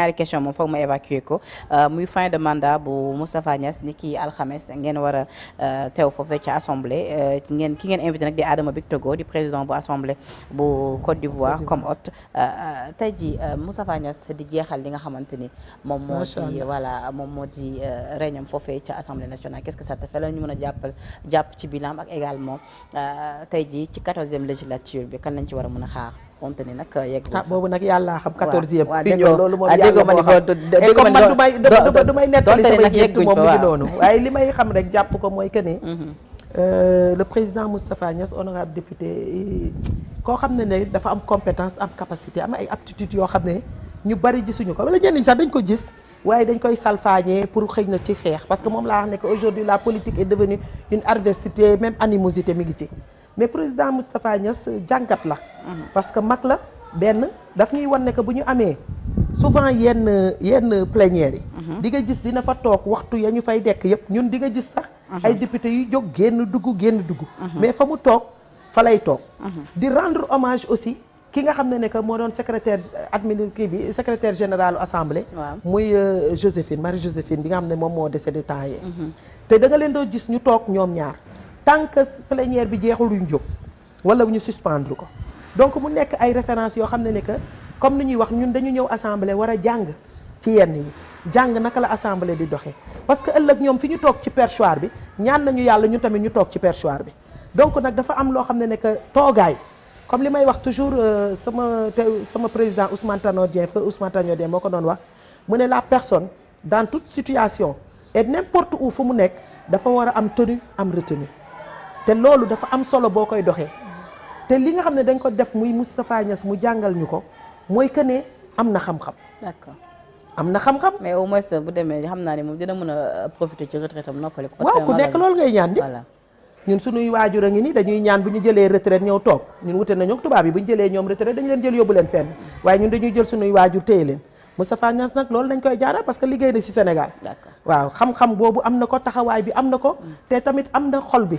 ñaari question moom foog ma évacuer ko euh, muy fin de mandat bu Moustapha Niass ni ki alxames ngeen war a euh, teew foofee ca assemblée euh, ngeen ki ngeen invité nag di Adama Bictogo di président bu assemblée bu Côte d'Ivoire comme hôte tey ji Moustapha Niass di jeexal li nga xamante ni moom moo di voilà moom moo di réunion foofee ca assemblée nationale qu'est-ce que ça te ñu mën a jàppal jàpp ci bilan ak également tey ji ci quatorzième législature bi kan nañ ci war a mën a xaax xamante ni nag yegg ah boobu nag yàlla xam quatorzième bi ñëw loolu moom yàlla moo eh, du may du may nettali samay yëttu moom mu ngi noonu waaye li may xam rek jàpp ko mooy que ne mhm. euh, le président Moustapha Niass honorable député koo xam ne ne dafa am compétence am capacité am ay aptitude yoo xam ne ñu bari gisuñu ko wala ñenn ñi sax dañ ko gis waaye dañ koy salfaañee pour xëy na ci xeex parce que moom laa wax ne aujourd'hui la politique est devenue une adversité même animosité mi ngi ci mais président Moustapha Niass jàngat la. parce que mag la benn daf ñuy wan ne bu ñu amee souvent yenn yenn plénière yi. Mhm. di nga gis dina fa toog waxtu ya ñu fay dekk yëpp ñun di nga gis sax. Mhm. ay député yu jóg génn dugg génn dugg. Mhm. mais fa mu toog fa lay toog. di rendre hommage aussi. ki nga xam ne ne que moo doon secrétaire administratif kii bi secrétaire général assemblée. waaw muy euh, Joséphine Marie Joséphine bi nga xam ne moom moo décédé temps yii. te da leen doo gis ñu toog ñoom ñaar. tant que plénière bi jeexul ñu jóg wala ñu suspendre ko donc mu nekk ay références yoo xam ne ne que comme ni ñuy wax ñun dañu ñëw assemblée war a jàng ci yenn yi jàng naka la assemblée di doxee parce que ëllëg ñoom fi ñu toog ci perchoir bi ñaan nañu yàlla ñu tamit ñu toog ci perchoir bi donc nag dafa am loo xam ne ne que toogaay comme li may wax toujours euh, sama te sama président Ousmane Tanor Dieng feu Ousmane Tanor moo ko doon wax mu ne la personne dans toute situation et n'importe où fu mu nekk dafa war a am tenue am te loolu dafa am solo boo koy doxee te li nga xam ne dañ ko def muy Moustapha Niass mu jàngal ñu ko mooy que ne am na xam-xam. d'accord am na xam-xam. mais au moins bu demee xam naa ne a euh, profiter ci retraite am noppale ko. parce waaw ku nekk loolu ngay ñaan di ñun suñuy waajur a ngi ni dañuy ñaan bu ñu jëlee retraite ñëw toog ñun wute nañoo tubaab yi bu ñu jëlee ñoom retraite dañu leen jël yóbbu leen fenn waaye ñun dañuy jël suñuy waajur téye leen Moustapha Niass nag loolu nañ koy jaara parce que liggéey na ci Sénégal waaw xam-xam boobu am na ko taxawaay bi am na ko mm. te tamit am na xol bi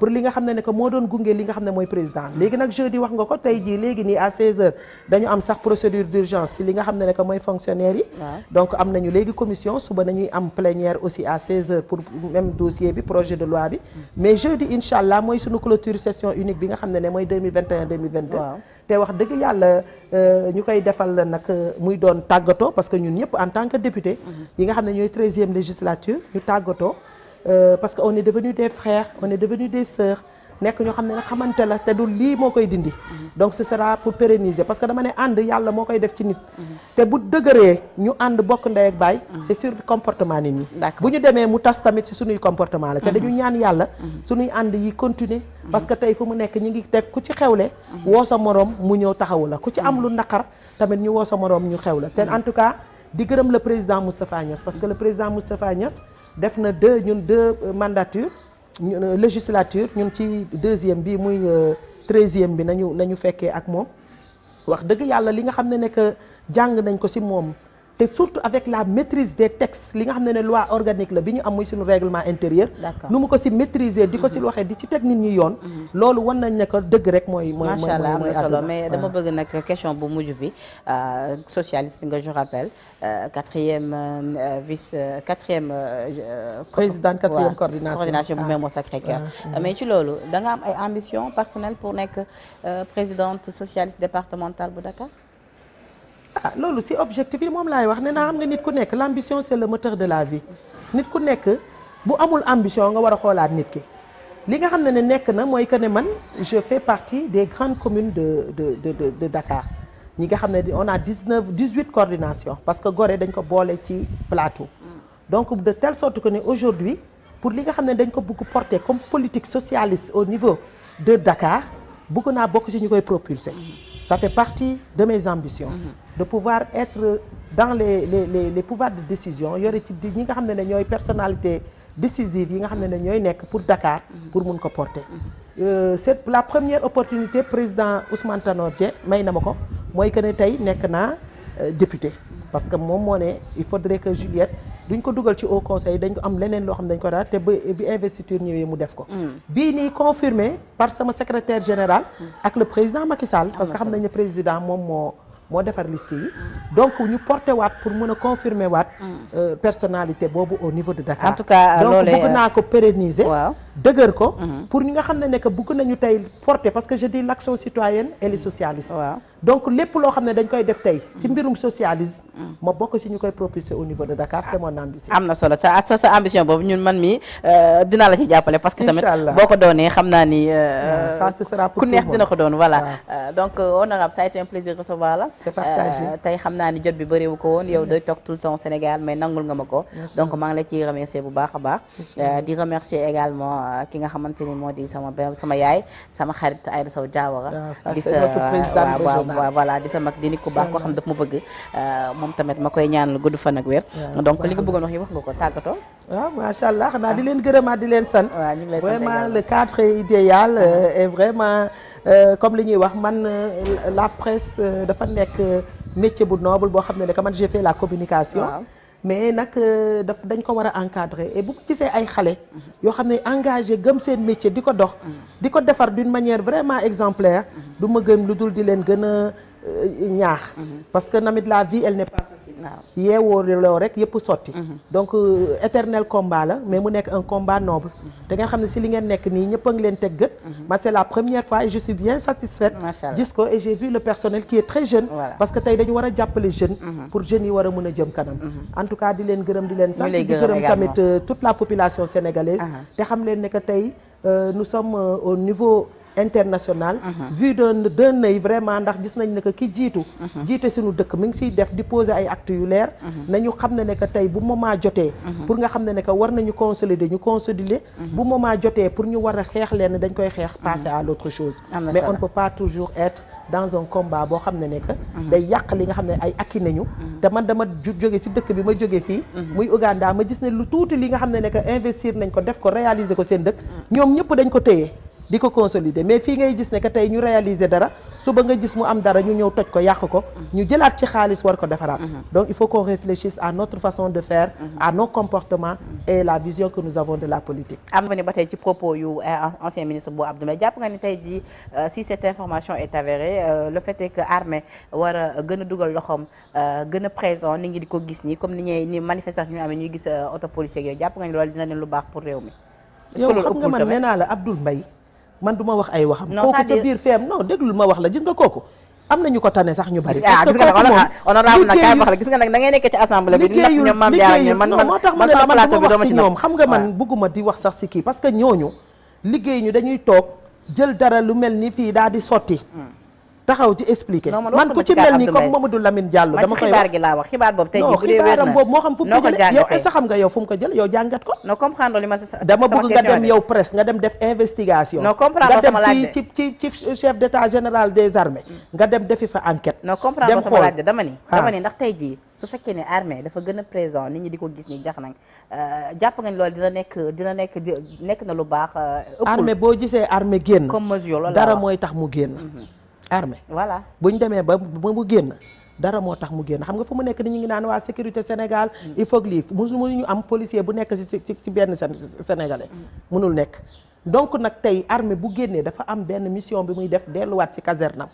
pour li nga xam ne ne moo doon gunge li nga xam ne mooy président léegi nag jeudi wax nga ko tey jii léegi nii à 16h dañu am sax procédure d'urgence ci li nga xam ne ne mooy fonctionnaire yi donc am nañu léegi commission suba nañuy am plénière aussi à 16h pour même dossier bi projet de loi bi mm. mais jeudi incha allah ne ne mooy 2021 te wax dëgg yàlla euh, ñu koy defal nag euh, muy doon tàggatoo parce que ñun ñëpp en tant que député mhm. yi nga xam ne ñooy treizième législature ñu tàggatoo euh, parce que on est devenu des frères on est devenu des sœurs nekk ñoo xam ne nag xamante la te du lii moo koy dindi donc ce sera pour pérenniser parce que dama ne ànd yàlla moo koy def ci nit te bu dëgëree ñu ànd bokk ndey ak baay c'est sur comportement nit ñi bu ñu demee mu tas tamit si suñuy comportement la te dañu ñaan yàlla suñuy ànd yi continuer parce que tey fu mu nekk ñi ngi def ku ci xewle woo sa moroom mu ñëw taxawu la ku ci am lu naqar tamit ñu woo sa moroom ñu xew la te en tout cas di gërëm le président Moustapha Niass parce que le président Moustapha def na deux ñun deux mandatures Euh, législature ñun ci deuxième bi muy euh, treizième bi nañu nañu fekkee ak moom wax dëgg yàlla li nga xam ne nekk jàng nañ ko si moom te surtout avec la maitrise des textes li nga xam ne ne loi organique la bi ñu am muy suñu règlement intérieur nu mu ko si maîtriser di ko si mhm. waxee di ci teg nit ñi yoon mhm. loolu wan nañ ne ko dëgg rek mooy mooy macha allah am solo mais dama bëgg nag question bu mujj bi euh, socialiste nga je rappelle euh, quatrième euh, vice quatrième présidente quatrième coordination bu ah. Mermoz Sacré-Cœur mais ci loolu da nga am ay ambition personnelle pour nekk présidente socialiste départementale bu Dakar ah loolu si objectif yi moom laay wax ne naa xam nga nit ku nekk l' ambition c' le moteur de la vie nit ku nekk bu amul ambition nga war a xoolaat nit ki li nga xam ne ne nekk na mooy que ne man je fais partie des grandes communes de de de Dakar ñi nga xam ne on a 19 18 coordinations parce que Gorée dañ ko boole ci plateau donc de telle sorte que ne aujourd'hui pour li nga xam ne dañ ko bugg porter comme politique socialiste au niveau de Dakar bëgg naa bokk ci ñu koy propulser ça fait partie de mes ambitions. Mm-hmm. de pouvoir être dans les les les, les pouvoirs de décision yore ci ñi nga xam ne ne ñooy personnalité décisive yi nga xam ne ne ñooy nekk pour Dakar. Mm-hmm. pour mun ko porter. Mm-hmm. Euh, c'est la première opportunité président Ousmane Tanor may na ma ko mooy que ne tey nekk naa euh, député. parce que moom moo ne il faudrait que Juliette duñ ko dugal ci au conseil dañ ko am leneen loo xam dañ ko daal te ba bi investiture ñëwee mu def ko. Mm. bii nii confirmé par sama secretaire général. ak le président Macky parce que xam nañu président moom moo. moo defar liste yi donc ñu porté waat pour mun a confirmer waat mm. euh, personnalité boobu au niveau de Dakar en tout cas donc bëgg naa ko pérenniser dëgër ko mm-hmm. pour ñi nga xam ne ne que bëgg nañu tey porté parce que je dis l'action citoyenne et les mm. socialistes waaw donc lépp loo xam ne dañ koy def tey si mm. mbirum socialisme ma bokk si ñu koy propulser au niveau de Dakar c'est mon ambition am na solo sa sa ambition boobu ñun man mi euh, dinaa la ci jàppale parce que tamit boo ko doonee xam naa ni euh, ah, ku neex dina ko doon voilà ah. donc honorable a été un la c'est partagé euh, tey xam naa ni jot bi bëriwu ko woon yow doy toog tout le Sénégal mais nangul nga ma ko donc maa ngi la remercier bu baax a baax euh, di remercier également euh, ki nga xamante ni moo di sama sama yaay sama xarit Aïda Sow Diawara ah, di sa waaw waaw voilà di sa mag di nit ku baax koo xam daf ma bëgg moom tamit ma koy ñaanal gudd fan ak wér donc li nga bëggoon wax yi wax nga ko tàggatoo waaw ah, macha allah xanaa di ah. leen a di leen sant waaw ñu ngi lay sant vraiment le cadre idéal uh-huh. Euh, comme li ñuy wax man euh, la presse euh, dafa nekk métier bu noble boo xam ne ne man j'ai fait la communication mais nag daf dañ ko war a encadrer et bu ko gisee ay xale yoo xam ne engagé gëm seen métier di ko dox di ko defar d'une manière vraiment exemplaire du ma gën lu dul di leen gën a ñaax mhm. parce que namit la vie elle n'est pas yeewoo loo rek yëpp sotti mhm. donc euh, éternel combat la mais mu nekk un combat noble mhm. da ngeen xam ne si li ngeen nekk nii ñëpp leen teg gët man c'est la première fois et je suis bien satisfaite gis et j'ai vu le personnel qui est très jeune parce que tey dañu war a jàppale jeune mhm. pour jeunes yi war a mën a jëm kanam en tout cas di leen gërëm di leen sant di gërëm tamit euh, toute la population sénégalaise uh-huh. te xam leen ne tey euh, nous sommes au niveau international uh-huh. vu d'un d'un œil vraiment ndax gis nañ ne que ki jiitu uh-huh. jiite suñu dëkk mi ngi siy def di ay actes yu leer uh-huh. nañu xam ne ne que tey bu moment jotee pour nga xam ne ne que war nañu consolider ñu consolider bu moment jotee pour ñu war a xeex leen dañ koy xeex passer à l'autre chose mais on ne peut pas toujours être dans un combat boo xam ne ne que day yàq li nga xam ne ay akki nañu te man dama jóge si dëkk bi ma jogee fii muy Ouganda ma gis ne lu tuuti li nga xam ne ne que nañ ko def ko réaliser ko seen dëkk ñoom ñëpp dañ ko téye di ko consolider mais fii ngay gis ne que tey ñu réaliser dara suba nga gis mu am dara ñu ñëw toj ko yàqu ko ñu jëlaat ci xaalis war ko defaraat mhm. donc il faut qu'on réfléchisse à notre façon de faire mhm. à nos comportements et la vision que nous avons de la politique am nga ne ba tey ci propos yu euh, ancien ministre bu Abdoulaye jàpp nga ne tey jii euh, si cette information est avérée euh, le fait est que armée war a gën a dugal loxoom gën a présent ni ngi di ko gis nii comme ni ñuy ni manifestation ñu ñuy gis auto policier jàpp nga ni dina lu baax pour réew mi yow xam nga man nee man duma wax ay waxam. non kooku ca biir feem non déglul ma wax la gis nga kooku. am nañu ko tane sax ñu bari. Ah, parce que kooku moom honorable nag kaay wax la gis nga nag da ngay nekk ci assemblée bi. liggéeyul liggéeyul man man man sama plateau bi doo ma ci ñoom xam nga man bëgguma di wax sax si kii ñooñu liggéey dañuy toog jël dara lu mel ni fii daal di sotti mm. taxaw ci expliquer man ku ci mel ni comme Mamadou Lamine Diallo dama koy xibaar gi laa wax xibaar boobu tey jii bu dee wér na nga dem yow presse nga dem def investigation mm. nga dem defi fa enquête non comprendre ah. dama ni ndax tey jii su fekkee ne armée dafa gën a présent nit ñi di ko gis ni jax nañ euh, jàpp nga ni loolu dina nekk dina nekk na lu baax euh, armée boo gisee armée génn dara mooy tax mu génn mm-hmm. armée voilà bu ñu demee ba mu génn dara moo tax mu génn xam nga fu mu nekk ni ñu ngi naan waa sécurité Sénégal mm. il faut que lii ñu am policier bu nekk ci ci benn sénégalais mënul mm. nekk donc nag tey armée bu génnee dafa am benn mission bi muy def delluwaat ci caserne am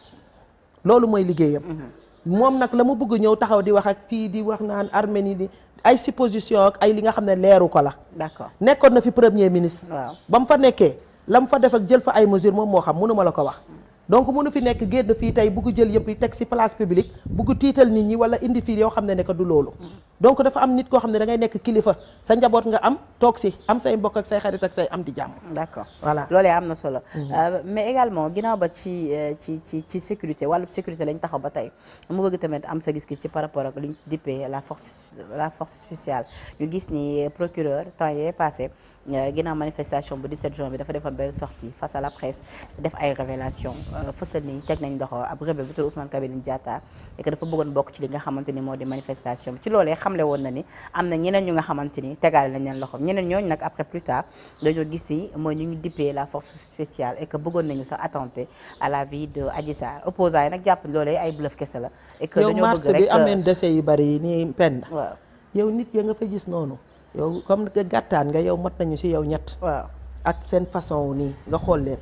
loolu mooy liggéeyam mm-hmm. moom nag la mu bëgg ñëw taxaw di wax ak fii di wax naan armée ni ay supposition ak ay li nga xam ne leeru ko la d'accord nekkoon na fi premier ministre waaw ba mu fa nekkee la fa def ak jël fa ay mesures moo xam mënuma la ko wax mm. donc mënu fi nekk génn fii tey buggu jël yëpp yi teg ci place publique bugg tiital nit ñi wala indi fii yoo xam ne ne du loolu donc dafa am nit koo xam ne dangay ngay nekk kilifa sa njaboot nga am toog ci am say mbokk ak say xarit ak say am di jàmm d'accord voilà loolee am na solo mm-hmm. euh, mais également ginnaaw ba ci euh, ci ci ci sécurité wàllu sécurité lañ taxaw ba tey mu bëgg tamit am sa gis-gis ci par rapport ak luñ dippee la force la force spéciale ñu gis ni procureur temps yee passé Euh, ginnaaw manifestation bu 17 juin bi dafa defoon benn sortie face à la presse def ay révélation euh, fësal ni teg nañ loxo ab rebelle bu tudd Ousmane Kabiline Diatta et dafa bëggoon bokk ci li nga xamante ni moo di manifestation bi ci loolee xamle woon na ni am na ñeneen ñu nga xamante ni tegaale nañ leen loxo ñeneen ñooñu nag après plus tard dañoo gis ni mooy ñu ngi dippee la force spéciale et que bëggoon nañu sax attenter à la vie de Adji Sarr opposant yi nag jàpp loolee ay bluff kese euh, yu bari nii penn waaw yow nit gis noonu yow comme gàttaan nga yow mat nañu si yow ñett. waaw ak seen façon nii nga xool leen.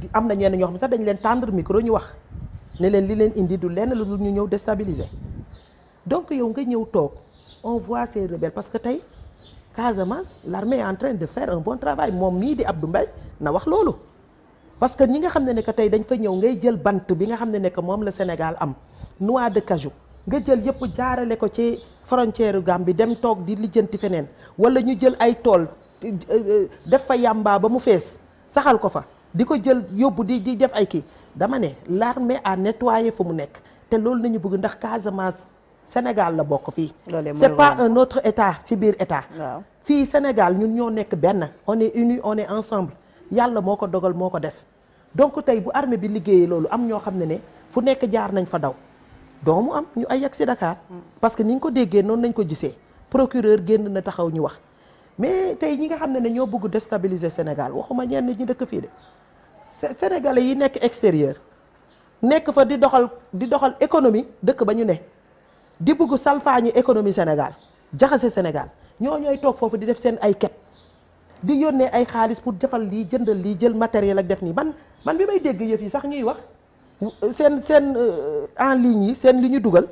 di am na ñenn ñoo xam ne sax dañ leen tendre micro ñu wax ne leen li leen indi du lenn lu ñu ñëw déstabiliser donc yow nga ñëw toog on voit ces parce que tey Casamance l'armée est en train de faire un bon travail moom mii di Abdou Mbaye na wax loolu. parce que ñi nga xam ne ne que tey dañ fa ñëw ngay jël bant bi nga xam ne ne que moom la Sénégal am noix de cajou nga jël yëpp jaarale ko ci. frontière Gambie dem toog di lijjanti feneen wala ñu jël ay tool def fa yàmbaa ba mu fees saxal ko fa di ko jël yóbbu di di def ay kii dama ne l'armée a nettoyé fu mu nekk te loolu nañu bëgg ndax Casamance Sénégal la bokk fii c'est pas un autre état ci biir état fii Sénégal ñun ñoo nekk benn on est unis on est ensemble yàlla moo ko dogal moo ko def donc tey bu armée bi liggéeyee loolu am ñoo xam ne ne fu nekk jaar nañ fa daw doomu am ñu ay yàgg si Dakar. parce que ni ñu ko déggee noonu nañ ko gisee procureur génn na taxaw ñu wax mais tey ñi nga xam ne ne ñoo bëgg déstabiliser Sénégal waxuma ñenn ñi dëkk fii de Sénégalais yi nekk extérieur nekk fa di doxal di doxal économie dëkk ba ñu ne di bëgg ñu économie Sénégal jaxase Sénégal ñoo ñooy toog foofu di def seen ay ket di yónnee ay xaalis pour jëfal lii jëndal lii jël matériel ak def nii man man bi may dégg yëf yi sax ñuy wax. seen seen euh, en ligne yi seen lu ñu dugal.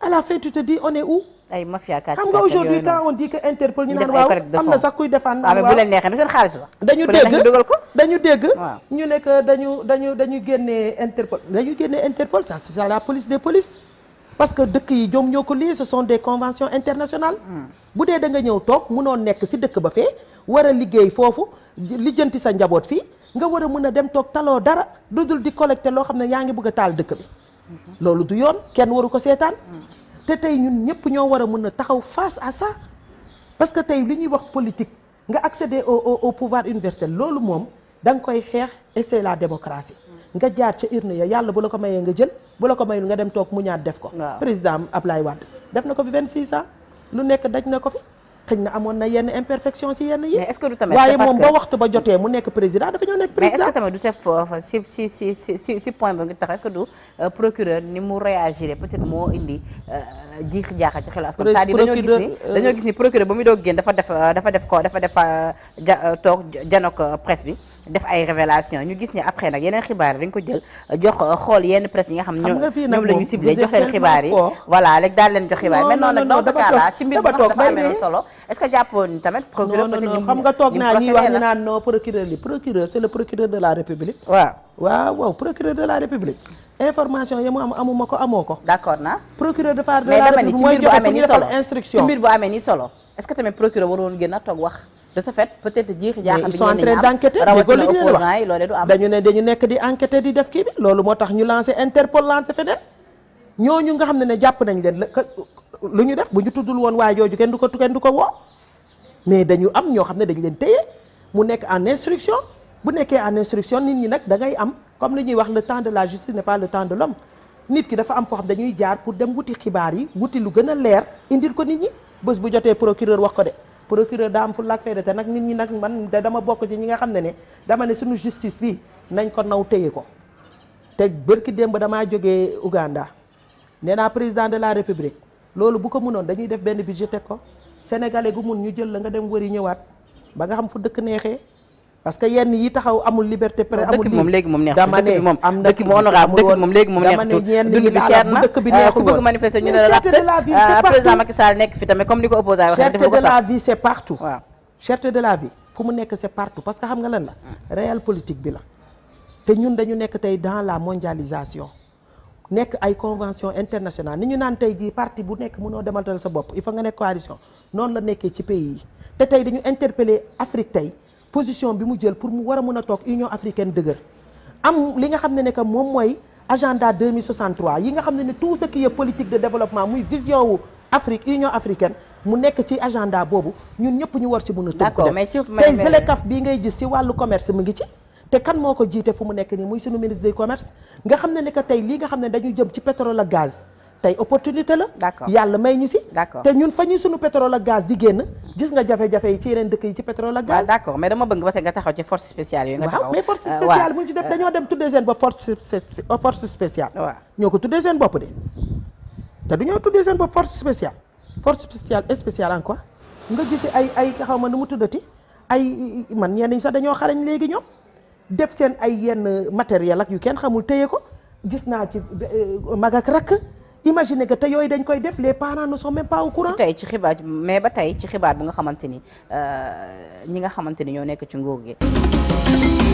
a mm. la fin tu te dis on est où. ay mafia kàcc xam nga aujourd'hui quand on dit que Interpol ñu naan waaw am na sax kuy defaan. Ah, waaw mais bu leen neexee seen xaalis la. dañu dégg dugal ko dañu dégg. ñu nekk dañu dañu dañu génnee Interpol dañu génne Interpol ça c'est la police des polices. parce que dëkk yi ñoom ñoo ko lii ce sont des conventions internationales hmm. bu dee da nga ñëw toog mënoo nekk si dëkk ba fee war a liggéey foofu lijjanti sa njaboot fii nga war a mën a dem toog taloo dara lu dul di collecté loo xam ne yaa ngi bëgg a taal dëkk bi hmm. loolu du yoon kenn waru ko seetaan hmm. te tey ñun ñëpp ñoo war a mën a taxaw face à sa parce que tey li ñuy wax politique nga accéder au au pouvoir universel loolu moom da nga koy xeex et c'est la démocratie nga jaar ca urne ya yàlla bu la ko mayee nga jël bu la ko mayul nga dem toog mu ñaat def ko président Ablaye Wade def na ko fi 26 ans lu nekk daj na ko fi xëñ na amoon na yenn imperfection si yenn yi. mais est-ce que du tamit nekk président dafa ñoo nekk président. mais du chef euh, si si si si si point bi nga tax est du euh, procureur ni mu réagir peut-être moo indi euh, jiix jaaxa ci xelu askan. c'est-à-dire dañoo gis ni dañoo gis ni procureur ba muy doog génn dafa def dafa def ko dafa def ja toog janook presse bi. def ay révélation ñu gis ne après nag yeneen xibaar dañ ko jël jox euh, xool yenn presse yi nga xam ñoom la ñu ciblé jox leen xibaar yi voilà rek daal leen jox xibaar mais noonu nag dans ce cas là ci mbir mi dafa amee solo est-ce que jàppoon ni tamit procureur peut-être xam nga toog naa ñuy wax ñu naan non procureur li procureur c'est le procureur de la république waaw waaw waaw procureur de la république information yi mu am amuma ko amoo ko d'accord na procureur de la république mais dama ni ci mbir bu amee ni solo instruction ci mbir bu amee ni solo est-ce que tamit procureur waroon gën a toog wax de ce fait peut-être jeexi jaaxal bi ngeen di am d'enquêter dañu ne dañu nekk di enquêter di def kii bi loolu moo tax ñu lancé Interpol lancé feneen ñu nga xam ne ne jàpp nañ leen lu ñu def bu ñu tuddul woon waaye jooju kenn du ko kenn du ko woo mais dañu am ñoo xam ne dañu leen téye mu nekk en instruction bu nekkee en instruction nit ñi nag da ngay am comme li ñuy wax le temps de la justice n'est pas le temps de l'homme nit ki dafa am foo xam jaar pour dem wuti xibaar yi wuti lu gën a leer indil ko nit ñi bés bu jotee procureur wax ko de procureur daa am fu lak fayda te nag nit ñi nag man dama bokk ci ñi nga xam ne ne dama ne suñu justice bi nañ ko naw téye ko te ki démb damaa jógee Uganda nee naa président de la république loolu bu ko munoon dañuy def benn budget teg ko sénégalais gu mun ñu jël la nga dem wëri ñëwaat ba nga xam fu dëkk neexee parce que yenn yi taxaw amul liberté pré amul dëkk moom léegi moom neex dama ne moom am dëkk bi honorable ah, dëkk bi moom léegi moom neexatul dund bi cher na ku bëgg ah, nekk fi tamit comme ni ko opposé wax nekk c'est partout ñun dañu nekk tey dans la mondialisation nekk ay convention internationale ni ñu naan tey jii parti bu nekk mu mënoo demaltal sa bopp il faut nga nekk coalition noonu la nekkee ci pays yi te tey dañu interpeller Afrique tey position bi mu jël pour mu war a mën a toog Union africaine dëgër am li nga xam ne ne que moom mooy agenda 2063 yi nga xam ne ne tout ce qui est politique de développement muy vision wu Afrique Union africaine mu nekk ci agenda boobu ñun ñëpp ñu war ci mën a d'accord mais ci tey ZLECAf bii ngay gis si wàllu commerce mu ngi ci te kan moo ko jiite fu mu nekk nii muy sunu ministre du commerce nga xam ne ne que tey li nga xam ne dañu jëm ci pétrole tey opportunité la. d'accord yàlla may ñu si. d'accord te ñun fa ñuy sunu pétrole ak gaz di génn gis nga jafe-jafe yi ci yeneen dëkk yi ci pétrole ak gaz. waaw d'accord mais dama bëgg ba tey nga taxaw ci force spéciale yooyu. nga taxaw waaw mais force euh, spéciale bu ñu ci def dañoo dem tuddee oh, ñoo ko tuddee seen bopp de. te du tuddee seen bopp force spéciale force spéciale spéciale en quoi nga gisi ay ay xaw ma nu mu tuddati ay man ñenn ñi sax dañoo xarañ léegi ñoom def seen ay yenn matériel ak yu kenn xamul téye ko gis naa ci euh, mag ak imaginer que te yooyu dañ koy def les parents ne sont même pas au ci xibaar mais ba tey ci xibaar bu nga xamante ni euh, ñi nga xamante ni ñoo nekk ci nguur gi.